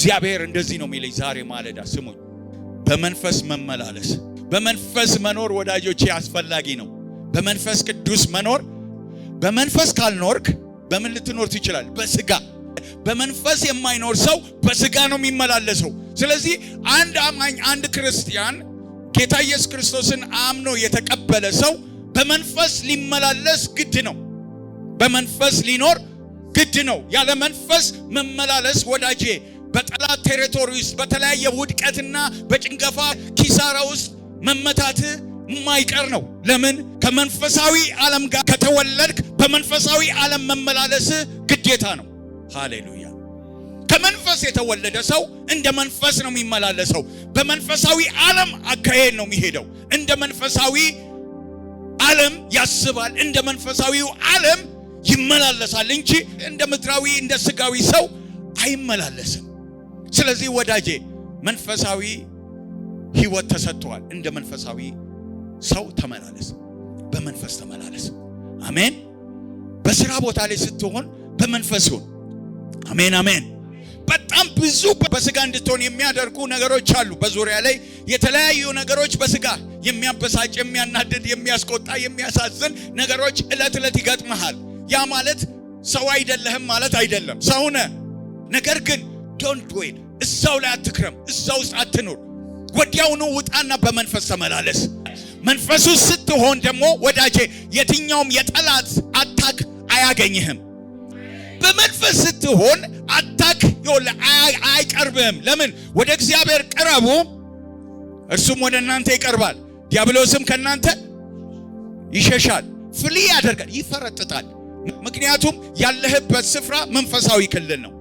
እግዚአብሔር እንደዚህ ነው የሚለኝ ዛሬ ማለዳ ስሙኝ። በመንፈስ መመላለስ በመንፈስ መኖር ወዳጆቼ አስፈላጊ ነው። በመንፈስ ቅዱስ መኖር በመንፈስ ካልኖርክ በምን ልትኖር ትችላል? በስጋ በመንፈስ የማይኖር ሰው በስጋ ነው የሚመላለሰው። ስለዚህ አንድ አማኝ አንድ ክርስቲያን ጌታ ኢየሱስ ክርስቶስን አምኖ የተቀበለ ሰው በመንፈስ ሊመላለስ ግድ ነው። በመንፈስ ሊኖር ግድ ነው። ያለ መንፈስ መመላለስ ወዳጄ በጠላት ቴሪቶሪ ውስጥ በተለያየ ውድቀትና በጭንገፋ ኪሳራ ውስጥ መመታት የማይቀር ነው። ለምን? ከመንፈሳዊ ዓለም ጋር ከተወለድክ በመንፈሳዊ ዓለም መመላለስ ግዴታ ነው። ሃሌሉያ። ከመንፈስ የተወለደ ሰው እንደ መንፈስ ነው የሚመላለሰው። በመንፈሳዊ ዓለም አካሄድ ነው የሚሄደው። እንደ መንፈሳዊ ዓለም ያስባል፣ እንደ መንፈሳዊው ዓለም ይመላለሳል እንጂ እንደ ምድራዊ እንደ ስጋዊ ሰው አይመላለስም። ስለዚህ ወዳጄ መንፈሳዊ ሕይወት ተሰጥቷል። እንደ መንፈሳዊ ሰው ተመላለስ፣ በመንፈስ ተመላለስ። አሜን። በስራ ቦታ ላይ ስትሆን በመንፈስ ይሁን። አሜን አሜን። በጣም ብዙ በስጋ እንድትሆን የሚያደርጉ ነገሮች አሉ በዙሪያ ላይ የተለያዩ ነገሮች በስጋ የሚያበሳጭ፣ የሚያናድድ፣ የሚያስቆጣ፣ የሚያሳዝን ነገሮች እለት እለት ይገጥመሃል። ያ ማለት ሰው አይደለህም ማለት አይደለም፣ ሰውነ ነገር ግን ዶንት ዌል እዛው ላይ አትክረም፣ እዛው ውስጥ አትኑር። ወዲያውኑ ውጣና በመንፈስ ተመላለስ። መንፈሱ ስትሆን ደግሞ ወዳጄ የትኛውም የጠላት አታክ አያገኝህም። ስትሆን አታክ አይቀርብም። ለምን? ወደ እግዚአብሔር ቅረቡ፣ እርሱም ወደ እናንተ ይቀርባል። ዲያብሎስም ከእናንተ ይሸሻል፣ ፍሊ ያደርጋል፣ ይፈረጥጣል። ምክንያቱም ያለህበት ስፍራ መንፈሳዊ ክልል ነው።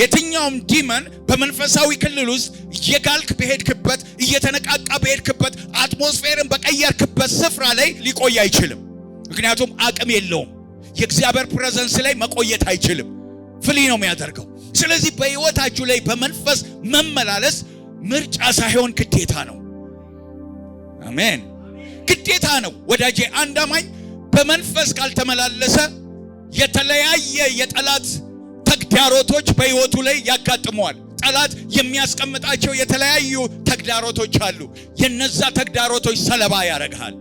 የትኛውም ዲመን በመንፈሳዊ ክልል ውስጥ እየጋልክ በሄድክበት እየተነቃቃ በሄድክበት አትሞስፌርን በቀየርክበት ስፍራ ላይ ሊቆይ አይችልም። ምክንያቱም አቅም የለውም። የእግዚአብሔር ፕሬዘንስ ላይ መቆየት አይችልም። ፍሊ ነው የሚያደርገው። ስለዚህ በህይወታችሁ ላይ በመንፈስ መመላለስ ምርጫ ሳይሆን ግዴታ ነው። አሜን፣ ግዴታ ነው ወዳጄ። አንድ አማኝ በመንፈስ ካልተመላለሰ የተለያየ የጠላት ተግዳሮቶች በህይወቱ ላይ ያጋጥመዋል። ጠላት የሚያስቀምጣቸው የተለያዩ ተግዳሮቶች አሉ። የነዛ ተግዳሮቶች ሰለባ ያደርግሃል።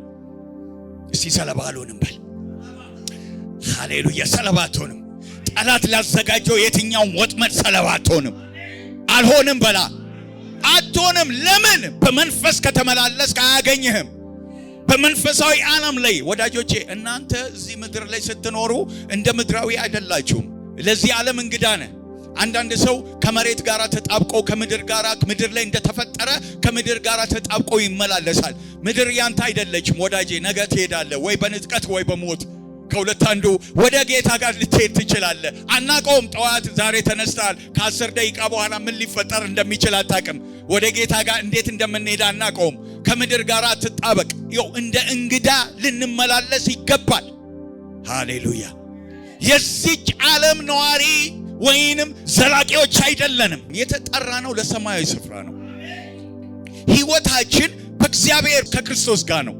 እስቲ ሰለባ አልሆንም በል ሃሌሉያ። ሰለባ አትሆንም። ጠላት ላዘጋጀው የትኛውም ወጥመድ ሰለባ አትሆንም። አልሆንም በላ አትሆንም። ለምን በመንፈስ ከተመላለስክ አያገኝህም። በመንፈሳዊ ዓለም ላይ ወዳጆቼ፣ እናንተ እዚህ ምድር ላይ ስትኖሩ እንደ ምድራዊ አይደላችሁም። ለዚህ ዓለም እንግዳ ነህ። አንዳንድ ሰው ከመሬት ጋር ተጣብቆ ከምድር ጋር ምድር ላይ እንደተፈጠረ ከምድር ጋር ተጣብቆ ይመላለሳል። ምድር ያንተ አይደለችም ወዳጄ። ነገ ትሄዳለህ ወይ በንጥቀት ወይ በሞት ከሁለት አንዱ ወደ ጌታ ጋር ልትሄድ ትችላለህ። አናቀውም። ጠዋት ዛሬ ተነስተሃል። ከአስር ደቂቃ በኋላ ምን ሊፈጠር እንደሚችል አታቅም። ወደ ጌታ ጋር እንዴት እንደምንሄድ አናቀውም። ከምድር ጋር አትጣበቅ። ይኸው እንደ እንግዳ ልንመላለስ ይገባል። ሃሌሉያ። የዚች ዓለም ነዋሪ ወይንም ዘላቂዎች አይደለንም። የተጠራ ነው ለሰማያዊ ስፍራ ነው። ህይወታችን በእግዚአብሔር ከክርስቶስ ጋር ነው።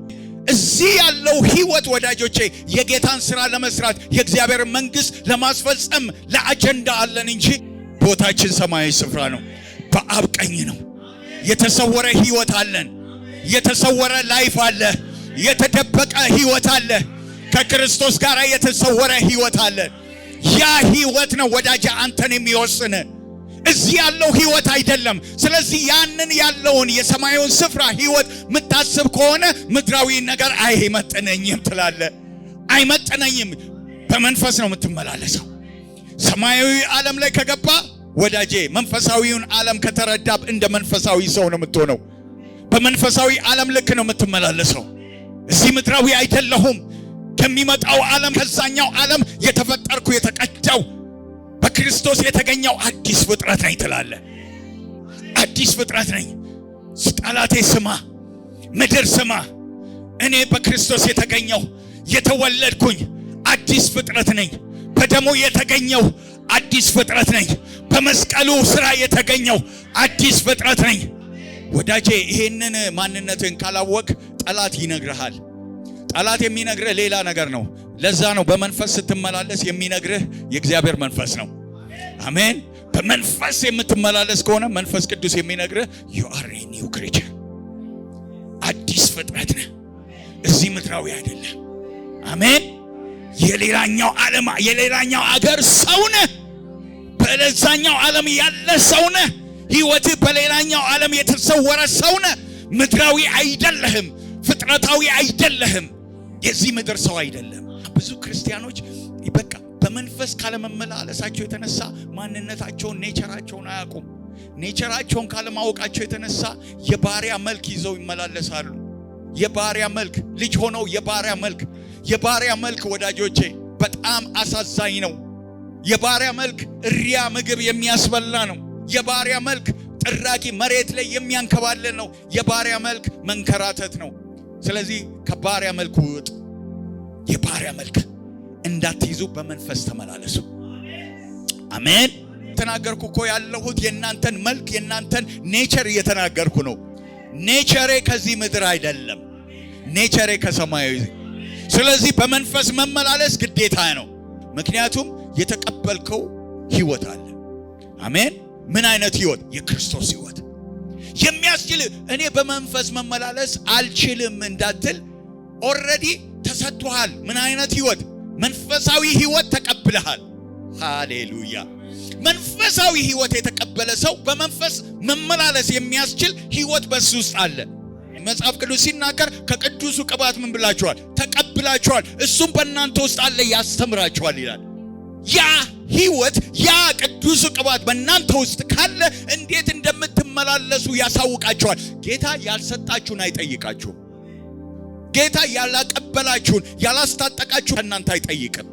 እዚህ ያለው ህይወት ወዳጆቼ የጌታን ስራ ለመስራት የእግዚአብሔር መንግስት ለማስፈጸም ለአጀንዳ አለን እንጂ ቦታችን ሰማያዊ ስፍራ ነው። በአብ ቀኝ ነው። የተሰወረ ህይወት አለን። የተሰወረ ላይፍ አለ። የተደበቀ ህይወት አለ። ከክርስቶስ ጋር የተሰወረ ህይወት አለን። ያ ህይወት ነው ወዳጅ አንተን የሚወስን እዚህ ያለው ህይወት አይደለም። ስለዚህ ያንን ያለውን የሰማዩን ስፍራ ህይወት የምታስብ ከሆነ ምድራዊ ነገር አይመጥነኝም ትላለ። አይመጥነኝም። በመንፈስ ነው የምትመላለሰው። ሰማያዊ ዓለም ላይ ከገባ ወዳጄ መንፈሳዊውን ዓለም ከተረዳ እንደ መንፈሳዊ ሰው ነው የምትሆነው። በመንፈሳዊ ዓለም ልክ ነው የምትመላለሰው። እዚህ ምድራዊ አይደለሁም። ከሚመጣው ዓለም ከዛኛው ዓለም የተፈጠርኩ የተቀዳው በክርስቶስ የተገኘው አዲስ ፍጥረት ነኝ ትላለ። አዲስ ፍጥረት ነኝ። ጠላቴ ስማ፣ ምድር ስማ፣ እኔ በክርስቶስ የተገኘው የተወለድኩኝ አዲስ ፍጥረት ነኝ። በደሙ የተገኘው አዲስ ፍጥረት ነኝ። በመስቀሉ ስራ የተገኘው አዲስ ፍጥረት ነኝ። ወዳጄ ይሄንን ማንነትን ካላወቅ ጠላት ይነግርሃል። ጠላት የሚነግርህ ሌላ ነገር ነው። ለዛ ነው በመንፈስ ስትመላለስ የሚነግርህ የእግዚአብሔር መንፈስ ነው። አሜን። በመንፈስ የምትመላለስ ከሆነ መንፈስ ቅዱስ የሚነግርህ ዩ አር ኤ ኒው ክሪቸር፣ አዲስ ፍጥረት ነህ። እዚህ ምድራዊ አይደለም። አሜን። የሌላኛው ዓለም የሌላኛው አገር ሰው ነህ። በለዛኛው ዓለም ያለ ሰው ነህ። ህይወትህ በሌላኛው ዓለም የተሰወረ ሰው ነህ። ምድራዊ አይደለህም። ፍጥረታዊ አይደለህም። የዚህ ምድር ሰው አይደለም። ብዙ ክርስቲያኖች መንፈስ ካለመመላለሳቸው የተነሳ ማንነታቸውን ኔቸራቸውን አያውቁም። ኔቸራቸውን ካለማወቃቸው የተነሳ የባሪያ መልክ ይዘው ይመላለሳሉ። የባሪያ መልክ ልጅ ሆነው የባሪያ መልክ የባሪያ መልክ ወዳጆቼ በጣም አሳዛኝ ነው። የባሪያ መልክ እሪያ ምግብ የሚያስበላ ነው። የባሪያ መልክ ጥራቂ መሬት ላይ የሚያንከባለን ነው። የባሪያ መልክ መንከራተት ነው። ስለዚህ ከባሪያ መልክ ውጥ። የባሪያ መልክ እንዳትይዙ በመንፈስ ተመላለሱ። አሜን። ተናገርኩ እኮ ያለሁት የእናንተን መልክ የእናንተን ኔቸር እየተናገርኩ ነው። ኔቸሬ ከዚህ ምድር አይደለም፣ ኔቸሬ ከሰማያዊ። ስለዚህ በመንፈስ መመላለስ ግዴታ ነው። ምክንያቱም የተቀበልከው ህይወት አለ። አሜን። ምን አይነት ህይወት? የክርስቶስ ህይወት የሚያስችል እኔ በመንፈስ መመላለስ አልችልም እንዳትል ኦልሬዲ ተሰጥቶሃል። ምን አይነት ህይወት መንፈሳዊ ህይወት ተቀብለሃል። ሃሌሉያ! መንፈሳዊ ህይወት የተቀበለ ሰው በመንፈስ መመላለስ የሚያስችል ህይወት በሱ ውስጥ አለ። መጽሐፍ ቅዱስ ሲናገር ከቅዱሱ ቅባት ምን ብላችኋል? ተቀብላችኋል፣ እሱም በእናንተ ውስጥ አለ ያስተምራችኋል ይላል። ያ ህይወት ያ ቅዱሱ ቅባት በእናንተ ውስጥ ካለ እንዴት እንደምትመላለሱ ያሳውቃችኋል። ጌታ ያልሰጣችሁን አይጠይቃችሁም። ጌታ ያላቀበላችሁን ያላስታጠቃችሁ ከእናንተ አይጠይቅም።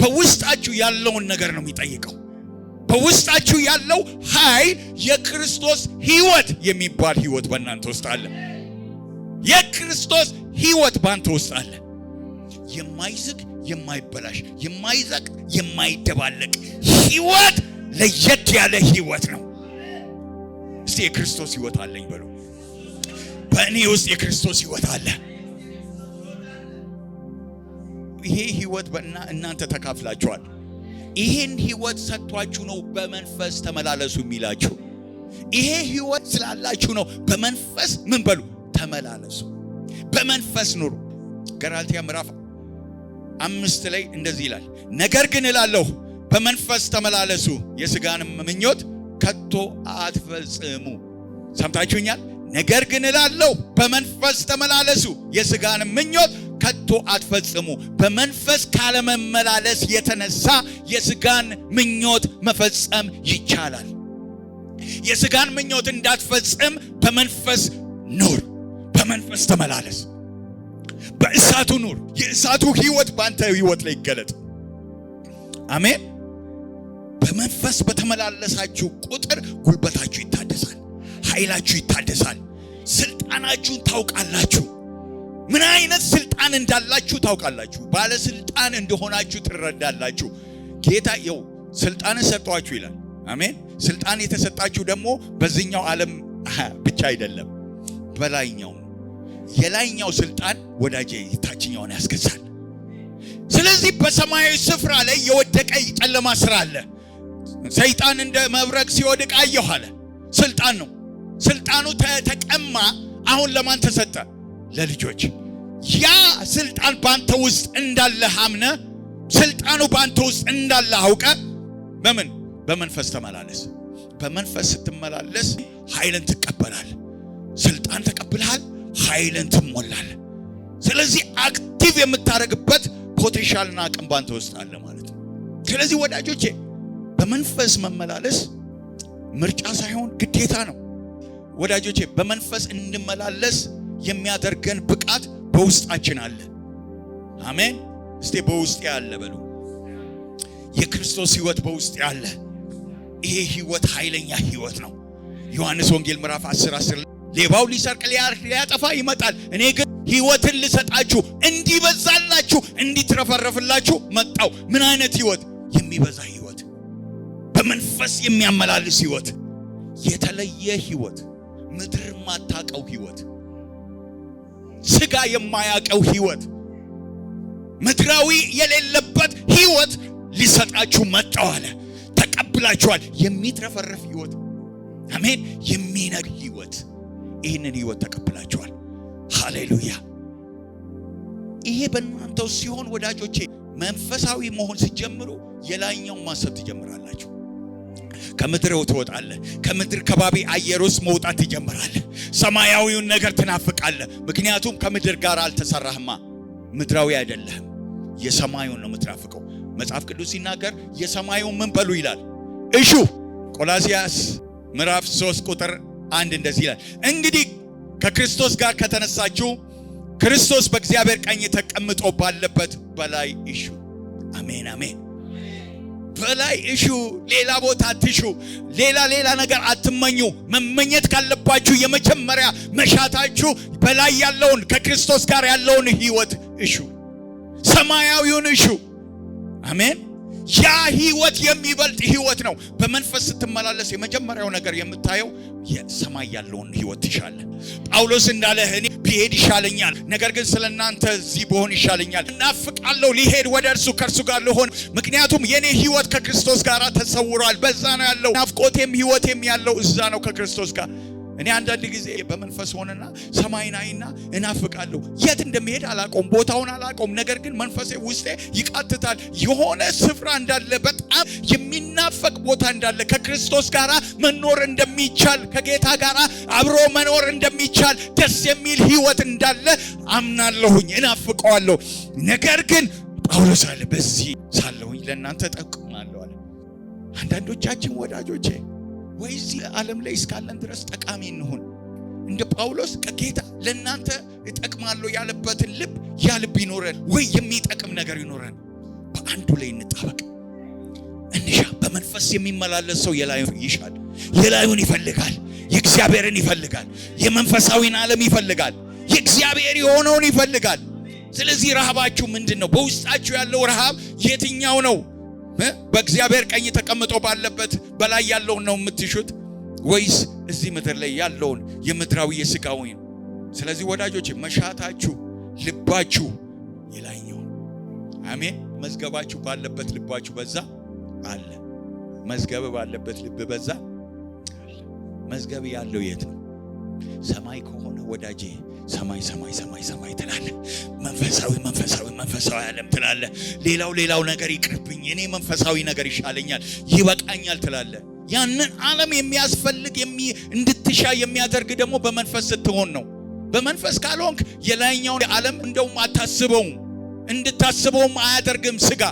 በውስጣችሁ ያለውን ነገር ነው የሚጠይቀው። በውስጣችሁ ያለው ኃይል የክርስቶስ ህይወት የሚባል ህይወት በእናንተ ውስጥ አለ። የክርስቶስ ህይወት በአንተ ውስጥ አለ። የማይዝግ የማይበላሽ፣ የማይዘቅ፣ የማይደባለቅ ሕይወት ለየት ያለ ህይወት ነው። እስቲ የክርስቶስ ሕይወት አለኝ በሉ። በእኔ ውስጥ የክርስቶስ ህይወት አለ። ይሄ ህይወት እናንተ ተካፍላችኋል። ይሄን ህይወት ሰጥቷችሁ ነው በመንፈስ ተመላለሱ የሚላችሁ። ይሄ ህይወት ስላላችሁ ነው በመንፈስ ምን በሉ ተመላለሱ፣ በመንፈስ ኑሩ። ገላትያ ምዕራፍ አምስት ላይ እንደዚህ ይላል፣ ነገር ግን እላለሁ በመንፈስ ተመላለሱ፣ የስጋንም ምኞት ከቶ አትፈጽሙ። ሰምታችሁኛል። ነገር ግን እላለሁ በመንፈስ ተመላለሱ፣ የስጋንም ምኞት ከቶ አትፈጽሙ። በመንፈስ ካለመመላለስ የተነሳ የስጋን ምኞት መፈጸም ይቻላል። የስጋን ምኞት እንዳትፈጽም በመንፈስ ኑር፣ በመንፈስ ተመላለስ፣ በእሳቱ ኑር። የእሳቱ ህይወት በአንተ ህይወት ላይ ይገለጥ። አሜን። በመንፈስ በተመላለሳችሁ ቁጥር ጉልበታችሁ ይታደሳል፣ ኃይላችሁ ይታደሳል፣ ስልጣናችሁን ታውቃላችሁ። ምን አይነት ስልጣን እንዳላችሁ ታውቃላችሁ። ባለስልጣን እንደሆናችሁ ትረዳላችሁ። ጌታ ይኸው ስልጣንን ሰጠዋችሁ ይላል። አሜን። ስልጣን የተሰጣችሁ ደግሞ በዚህኛው ዓለም ብቻ አይደለም፣ በላይኛው የላይኛው ስልጣን ወዳጄ ታችኛውን ያስገዛል። ስለዚህ በሰማያዊ ስፍራ ላይ የወደቀ ጨለማ ስራ አለ። ሰይጣን እንደ መብረቅ ሲወድቅ አየሁ አለ። ስልጣን ነው። ስልጣኑ ተቀማ። አሁን ለማን ተሰጠ? ለልጆች ያ ስልጣን ባንተ ውስጥ እንዳለ አምነ ስልጣኑ ባንተ ውስጥ እንዳለ አውቀ በምን በመንፈስ ተመላለስ። በመንፈስ ስትመላለስ ኃይልን ትቀበላል። ስልጣን ተቀብልሃል፣ ኃይልን ትሞላል። ስለዚህ አክቲቭ የምታደርግበት ፖቴንሻልና አቅም ባንተ ውስጥ አለ ማለት ነው። ስለዚህ ወዳጆቼ በመንፈስ መመላለስ ምርጫ ሳይሆን ግዴታ ነው። ወዳጆቼ በመንፈስ እንመላለስ የሚያደርገን ብቃት በውስጣችን አለ። አሜን። እስቲ በውስጤ አለ በሉ። የክርስቶስ ህይወት በውስጤ አለ። ይሄ ህይወት ኃይለኛ ህይወት ነው። ዮሐንስ ወንጌል ምዕራፍ 10 10 ሌባው ሊሰርቅ ሊያጠፋ ይመጣል፣ እኔ ግን ህይወትን ልሰጣችሁ እንዲበዛላችሁ እንዲትረፈረፍላችሁ መጣው። ምን አይነት ህይወት? የሚበዛ ህይወት፣ በመንፈስ የሚያመላልስ ህይወት፣ የተለየ ህይወት፣ ምድር ማታቀው ህይወት ስጋ የማያቀው ህይወት ምድራዊ የሌለበት ህይወት ሊሰጣችሁ መጣው አለ። ተቀብላችኋል። የሚትረፈረፍ ህይወት፣ አሜን፣ የሚነግ ህይወት። ይህንን ህይወት ተቀብላችኋል። ሃሌሉያ። ይሄ በእናንተው ሲሆን ወዳጆቼ መንፈሳዊ መሆን ሲጀምሩ የላይኛው ማሰብ ትጀምራላችሁ። ከምድር ትወጣለህ። ከምድር ከባቢ አየር ውስጥ መውጣት ትጀምራለህ። ሰማያዊውን ነገር ትናፍቃለህ። ምክንያቱም ከምድር ጋር አልተሰራህማ። ምድራዊ አይደለህም። የሰማዩን ነው የምትናፍቀው። መጽሐፍ ቅዱስ ሲናገር የሰማዩን ምን በሉ ይላል እሹ ቆላሲያስ ምዕራፍ 3 ቁጥር አንድ እንደዚህ ይላል፣ እንግዲህ ከክርስቶስ ጋር ከተነሳችሁ ክርስቶስ በእግዚአብሔር ቀኝ ተቀምጦ ባለበት በላይ እሹ። አሜን አሜን። በላይ እሹ፣ ሌላ ቦታ አትሹ፣ ሌላ ሌላ ነገር አትመኙ። መመኘት ካለባችሁ የመጀመሪያ መሻታችሁ በላይ ያለውን ከክርስቶስ ጋር ያለውን ህይወት እሹ፣ ሰማያዊውን እሹ። አሜን። ያ ህይወት የሚበልጥ ህይወት ነው። በመንፈስ ስትመላለስ የመጀመሪያው ነገር የምታየው የሰማይ ያለውን ህይወት ትሻለ። ጳውሎስ እንዳለ እኔ ቢሄድ ይሻለኛል፣ ነገር ግን ስለ እናንተ እዚህ ብሆን ይሻለኛል። እናፍቃለሁ ሊሄድ ወደ እርሱ ከእርሱ ጋር ልሆን፣ ምክንያቱም የእኔ ህይወት ከክርስቶስ ጋር ተሰውሯል። በዛ ነው ያለው ናፍቆቴም ህይወቴም ያለው እዛ ነው ከክርስቶስ ጋር እኔ አንዳንድ ጊዜ በመንፈስ ሆነና ሰማይን አይና እናፍቃለሁ። የት እንደሚሄድ አላቆም፣ ቦታውን አላቆም። ነገር ግን መንፈሴ ውስጤ ይቃትታል። የሆነ ስፍራ እንዳለ፣ በጣም የሚናፈቅ ቦታ እንዳለ፣ ከክርስቶስ ጋር መኖር እንደሚቻል፣ ከጌታ ጋር አብሮ መኖር እንደሚቻል፣ ደስ የሚል ህይወት እንዳለ አምናለሁኝ፣ እናፍቀዋለሁ። ነገር ግን ጳውሎስ አለ በዚህ ሳለሁኝ ለእናንተ ጠቅማለሁ አለ። አንዳንዶቻችን ወዳጆቼ ወይ እዚህ ዓለም ላይ እስካለን ድረስ ጠቃሚ እንሆን። እንደ ጳውሎስ ከጌታ ለእናንተ እጠቅማለሁ ያለበትን ልብ ያ ልብ ይኖረን፣ ወይ የሚጠቅም ነገር ይኖረን። በአንዱ ላይ እንጣበቅ፣ እንሻ። በመንፈስ የሚመላለስ ሰው የላዩን ይሻል፣ የላዩን ይፈልጋል፣ የእግዚአብሔርን ይፈልጋል፣ የመንፈሳዊን ዓለም ይፈልጋል፣ የእግዚአብሔር የሆነውን ይፈልጋል። ስለዚህ ረሃባችሁ ምንድን ነው? በውስጣችሁ ያለው ረሃብ የትኛው ነው? በእግዚአብሔር ቀኝ ተቀምጦ ባለበት በላይ ያለውን ነው የምትሹት ወይስ እዚህ ምድር ላይ ያለውን የምድራዊ የስጋዊ ነው? ስለዚህ ወዳጆች መሻታችሁ ልባችሁ የላይኛው አሜን። መዝገባችሁ ባለበት ልባችሁ በዛ አለ። መዝገብ ባለበት ልብ በዛ አለ። መዝገብ ያለው የት ነው? ሰማይ ከሆነ ወዳጄ ሰማይ ሰማይ ሰማይ ሰማይ ትላለ። መንፈሳዊ መንፈሳዊ መንፈሳዊ ዓለም ትላለ። ሌላው ሌላው ነገር ይቅርብኝ፣ እኔ መንፈሳዊ ነገር ይሻለኛል፣ ይበቃኛል ትላለ። ያንን ዓለም የሚያስፈልግ እንድትሻ የሚያደርግ ደግሞ በመንፈስ ስትሆን ነው። በመንፈስ ካልሆንክ የላይኛውን ዓለም እንደውም አታስበውም፣ እንድታስበውም አያደርግም። ስጋ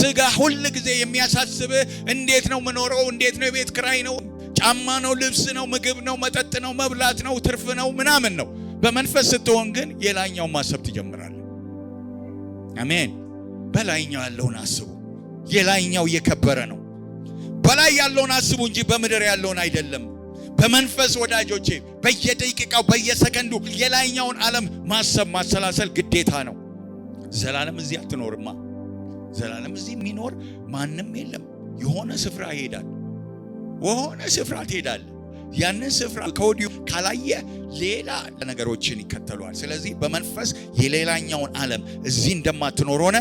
ስጋ ሁል ጊዜ የሚያሳስብህ እንዴት ነው ምኖረው፣ እንዴት ነው የቤት ክራይ ነው ጫማ ነው፣ ልብስ ነው፣ ምግብ ነው፣ መጠጥ ነው፣ መብላት ነው፣ ትርፍ ነው፣ ምናምን ነው። በመንፈስ ስትሆን ግን የላይኛው ማሰብ ትጀምራለህ። አሜን። በላይኛው ያለውን አስቡ። የላይኛው የከበረ ነው። በላይ ያለውን አስቡ እንጂ በምድር ያለውን አይደለም። በመንፈስ ወዳጆቼ፣ በየደቂቃው በየሰከንዱ የላይኛውን ዓለም ማሰብ ማሰላሰል ግዴታ ነው። ዘላለም እዚህ አትኖርማ። ዘላለም እዚህ የሚኖር ማንም የለም። የሆነ ስፍራ ይሄዳል። ወሆነ ስፍራ ትሄዳለ ያንን ስፍራ ከወዲሁ ካላየ ሌላ ነገሮችን ይከተሏል። ስለዚህ በመንፈስ የሌላኛውን ዓለም እዚህ እንደማትኖር ሆነ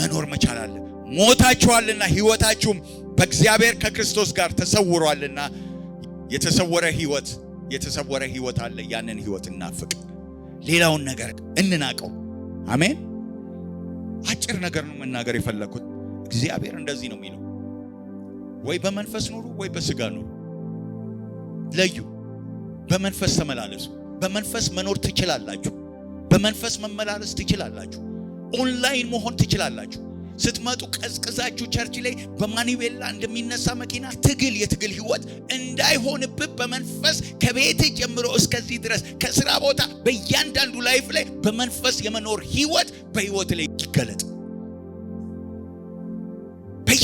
መኖር መቻል አለ። ሞታችኋልና ሕይወታችሁም በእግዚአብሔር ከክርስቶስ ጋር ተሰውሯልና የተሰወረ ሕይወት የተሰወረ ሕይወት አለ። ያንን ሕይወት እናፍቅ፣ ሌላውን ነገር እንናቀው። አሜን። አጭር ነገር ነው መናገር የፈለግኩት። እግዚአብሔር እንደዚህ ነው የሚለው ወይ በመንፈስ ኑሩ፣ ወይ በስጋ ኑሩ። ለዩ። በመንፈስ ተመላለሱ። በመንፈስ መኖር ትችላላችሁ። በመንፈስ መመላለስ ትችላላችሁ። ኦንላይን መሆን ትችላላችሁ። ስትመጡ ቀዝቅዛችሁ ቸርች ላይ በማኒቤላ እንደሚነሳ መኪና ትግል የትግል ህይወት እንዳይሆንብህ በመንፈስ ከቤት ጀምሮ እስከዚህ ድረስ ከስራ ቦታ በእያንዳንዱ ላይፍ ላይ በመንፈስ የመኖር ህይወት በህይወት ላይ ይገለጥ።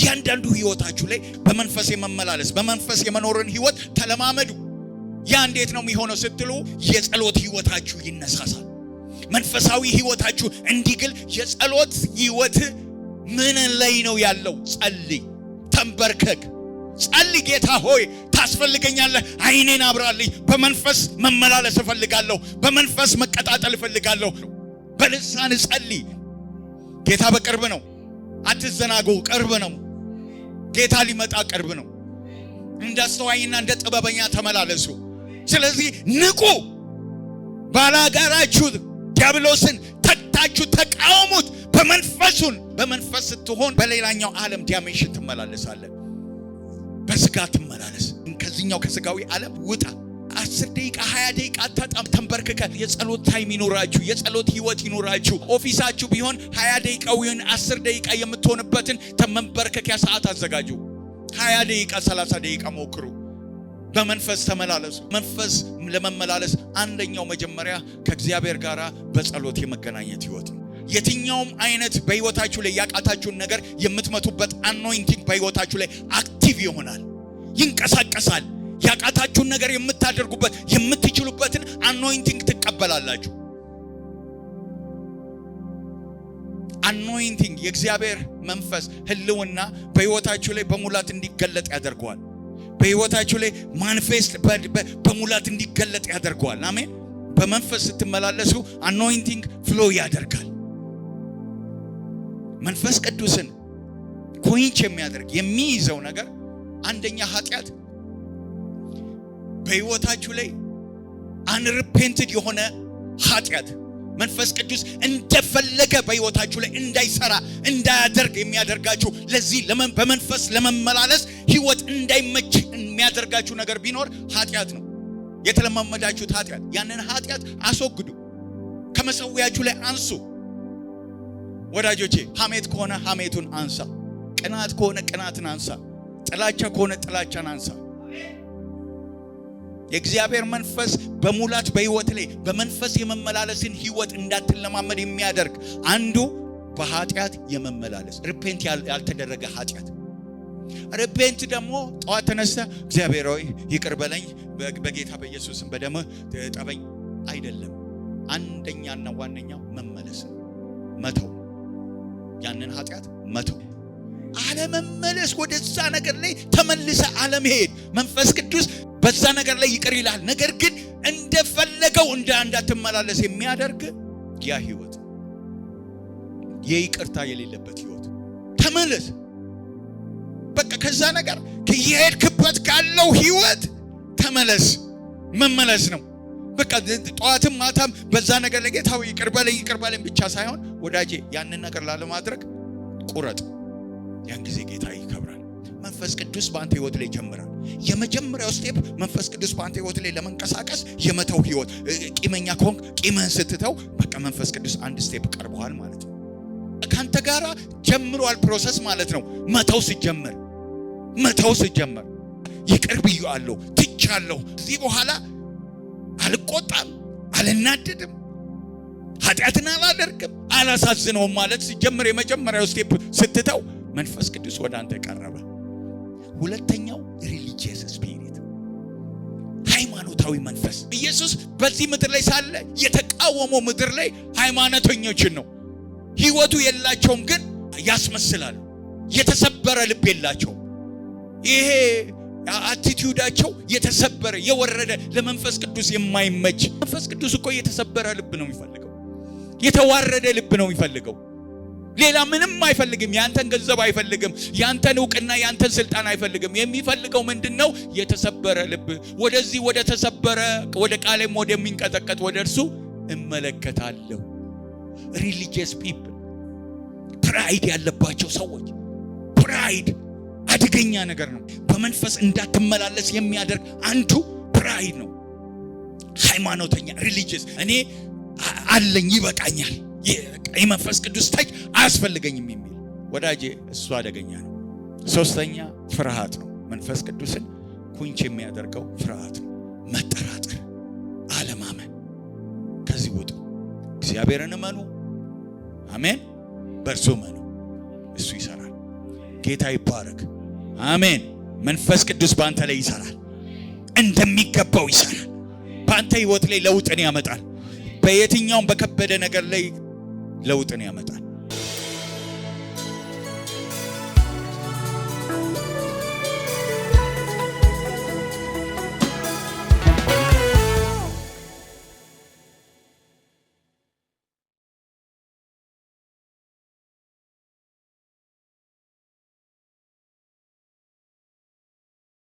እያንዳንዱ ህይወታችሁ ላይ በመንፈስ የመመላለስ በመንፈስ የመኖርን ህይወት ተለማመዱ። ያ እንዴት ነው የሚሆነው ስትሉ የጸሎት ህይወታችሁ ይነሳሳል። መንፈሳዊ ህይወታችሁ እንዲግል የጸሎት ህይወት ምን ላይ ነው ያለው? ጸልይ፣ ተንበርከክ፣ ጸልይ። ጌታ ሆይ ታስፈልገኛለህ፣ አይኔን አብራልኝ። በመንፈስ መመላለስ እፈልጋለሁ፣ በመንፈስ መቀጣጠል እፈልጋለሁ። በልሳን ጸልይ። ጌታ በቅርብ ነው። አትዘናጉ፣ ቅርብ ነው። ጌታ ሊመጣ ቅርብ ነው። እንደ አስተዋይና እንደ ጥበበኛ ተመላለሱ። ስለዚህ ንቁ፣ ባላጋራችሁ ዲያብሎስን ተግታችሁ ተቃወሙት። በመንፈሱን በመንፈስ ስትሆን በሌላኛው ዓለም ዲያሜንሽን ትመላለሳለን። በስጋ ትመላለስ። ከዚህኛው ከስጋዊ ዓለም ውጣ። አስር ደቂቃ ሀያ ደቂቃ አታጣም። ተንበርክከ የጸሎት ታይም ይኖራችሁ፣ የጸሎት ህይወት ይኖራችሁ። ኦፊሳችሁ ቢሆን ሀያ ደቂቃ ወይን አስር ደቂቃ የምትሆንበትን ተመንበርከኪያ ሰዓት አዘጋጁ። ሀያ ደቂቃ ሰላሳ ደቂቃ ሞክሩ። በመንፈስ ተመላለሱ። መንፈስ ለመመላለስ አንደኛው መጀመሪያ ከእግዚአብሔር ጋር በጸሎት የመገናኘት ህይወት ነው። የትኛውም አይነት በህይወታችሁ ላይ ያቃታችሁን ነገር የምትመቱበት አኖይንቲንግ በህይወታችሁ ላይ አክቲቭ ይሆናል፣ ይንቀሳቀሳል። ያቃታችሁን ነገር የምታደርጉበት የምትችሉበትን አኖይንቲንግ ትቀበላላችሁ። አኖይንቲንግ የእግዚአብሔር መንፈስ ህልውና በህይወታችሁ ላይ በሙላት እንዲገለጥ ያደርገዋል። በሕይወታችሁ ላይ ማንፌስት በሙላት እንዲገለጥ ያደርገዋል። አሜን። በመንፈስ ስትመላለሱ አኖይንቲንግ ፍሎ ያደርጋል። መንፈስ ቅዱስን ኮንች የሚያደርግ የሚይዘው ነገር አንደኛ ኃጢአት በህይወታችሁ ላይ አንሪፔንትድ የሆነ ኃጢአት መንፈስ ቅዱስ እንደፈለገ በህይወታችሁ ላይ እንዳይሰራ እንዳያደርግ የሚያደርጋችሁ ለዚህ በመንፈስ ለመመላለስ ህይወት እንዳይመች የሚያደርጋችሁ ነገር ቢኖር ኃጢአት ነው። የተለማመዳችሁት ኃጢአት፣ ያንን ኃጢአት አስወግዱ፣ ከመሰዊያችሁ ላይ አንሱ። ወዳጆቼ ሐሜት ከሆነ ሐሜቱን አንሳ፣ ቅናት ከሆነ ቅናትን አንሳ፣ ጥላቻ ከሆነ ጥላቻን አንሳ። የእግዚአብሔር መንፈስ በሙላት በህይወት ላይ በመንፈስ የመመላለስን ህይወት እንዳትለማመድ የሚያደርግ አንዱ በኃጢአት የመመላለስ ሪፔንት ያልተደረገ ኃጢአት ሪፔንት ደግሞ ጠዋት ተነስተ እግዚአብሔር ሆይ ይቅር በለኝ በጌታ በኢየሱስም በደም ጠበኝ አይደለም። አንደኛና ዋነኛው መመለስ መተው ያንን ኃጢአት መተው አለመመለስ፣ ወደዛ ነገር ላይ ተመልሰ አለመሄድ መንፈስ ቅዱስ በዛ ነገር ላይ ይቅር ይላል። ነገር ግን እንደፈለገው እንደ እንዳትመላለስ የሚያደርግ ያ ህይወት የይቅርታ የሌለበት ህይወት ተመለስ። በቃ ከዛ ነገር ከየሄድክበት ካለው ህይወት ተመለስ። መመለስ ነው በቃ ጠዋትም ማታም በዛ ነገር ለጌታው ጌታ ይቅር በለኝ ይቅር በለኝ ብቻ ሳይሆን ወዳጄ ያንን ነገር ላለማድረግ ቁረጥ። ያን ጊዜ ጌታ ይከብራል። መንፈስ ቅዱስ በአንተ ህይወት ላይ ይጀምራል። የመጀመሪያው ስቴፕ መንፈስ ቅዱስ በአንተ ህይወት ላይ ለመንቀሳቀስ የመተው ህይወት። ቂመኛ ከሆንክ ቂምህን ስትተው በቃ መንፈስ ቅዱስ አንድ ስቴፕ ቀርበዋል ማለት ነው። ከአንተ ጋር ጀምሯል ፕሮሰስ ማለት ነው። መተው ሲጀመር መተው ሲጀመር ይቅር ብያለሁ፣ ትቻለሁ፣ እዚህ በኋላ አልቆጣም፣ አልናደድም፣ ኃጢአትን አላደርግም፣ አላሳዝነውም ማለት ሲጀምር የመጀመሪያው ስቴፕ ስትተው መንፈስ ቅዱስ ወደ አንተ ቀረበ። ሁለተኛው ሪሊጂየስ ስፒሪት ሃይማኖታዊ መንፈስ። ኢየሱስ በዚህ ምድር ላይ ሳለ የተቃወመው ምድር ላይ ሃይማኖተኞችን ነው። ህይወቱ የላቸውም፣ ግን ያስመስላሉ። የተሰበረ ልብ የላቸውም። ይሄ አቲቲዩዳቸው የተሰበረ የወረደ ለመንፈስ ቅዱስ የማይመች መንፈስ ቅዱስ እኮ የተሰበረ ልብ ነው የሚፈልገው። የተዋረደ ልብ ነው የሚፈልገው። ሌላ ምንም አይፈልግም። ያንተን ገንዘብ አይፈልግም። ያንተን እውቅና፣ ያንተን ስልጣን አይፈልግም። የሚፈልገው ምንድን ነው? የተሰበረ ልብ። ወደዚህ ወደ ተሰበረ ወደ ቃሌም ወደሚንቀጠቀጥ ወደ እርሱ እመለከታለሁ። ሪሊጂየስ ፒፕል፣ ፕራይድ ያለባቸው ሰዎች። ፕራይድ አደገኛ ነገር ነው። በመንፈስ እንዳትመላለስ የሚያደርግ አንዱ ፕራይድ ነው። ሃይማኖተኛ ሪሊጂየስ፣ እኔ አለኝ፣ ይበቃኛል የመንፈስ ቅዱስ ታይ አያስፈልገኝም የሚል ወዳጄ፣ እሱ አደገኛ ነው። ሶስተኛ ፍርሃት ነው። መንፈስ ቅዱስን ኩንች የሚያደርገው ፍርሃት ነው። መጠራጠር፣ አለማመን። ከዚህ ውጡ። እግዚአብሔርን እመኑ። አሜን። በእርሱ እመኑ፣ እሱ ይሰራል። ጌታ ይባረክ። አሜን። መንፈስ ቅዱስ በአንተ ላይ ይሰራል፣ እንደሚገባው ይሰራል። በአንተ ህይወት ላይ ለውጥን ያመጣል። በየትኛውም በከበደ ነገር ላይ ለውጥን ያመጣል።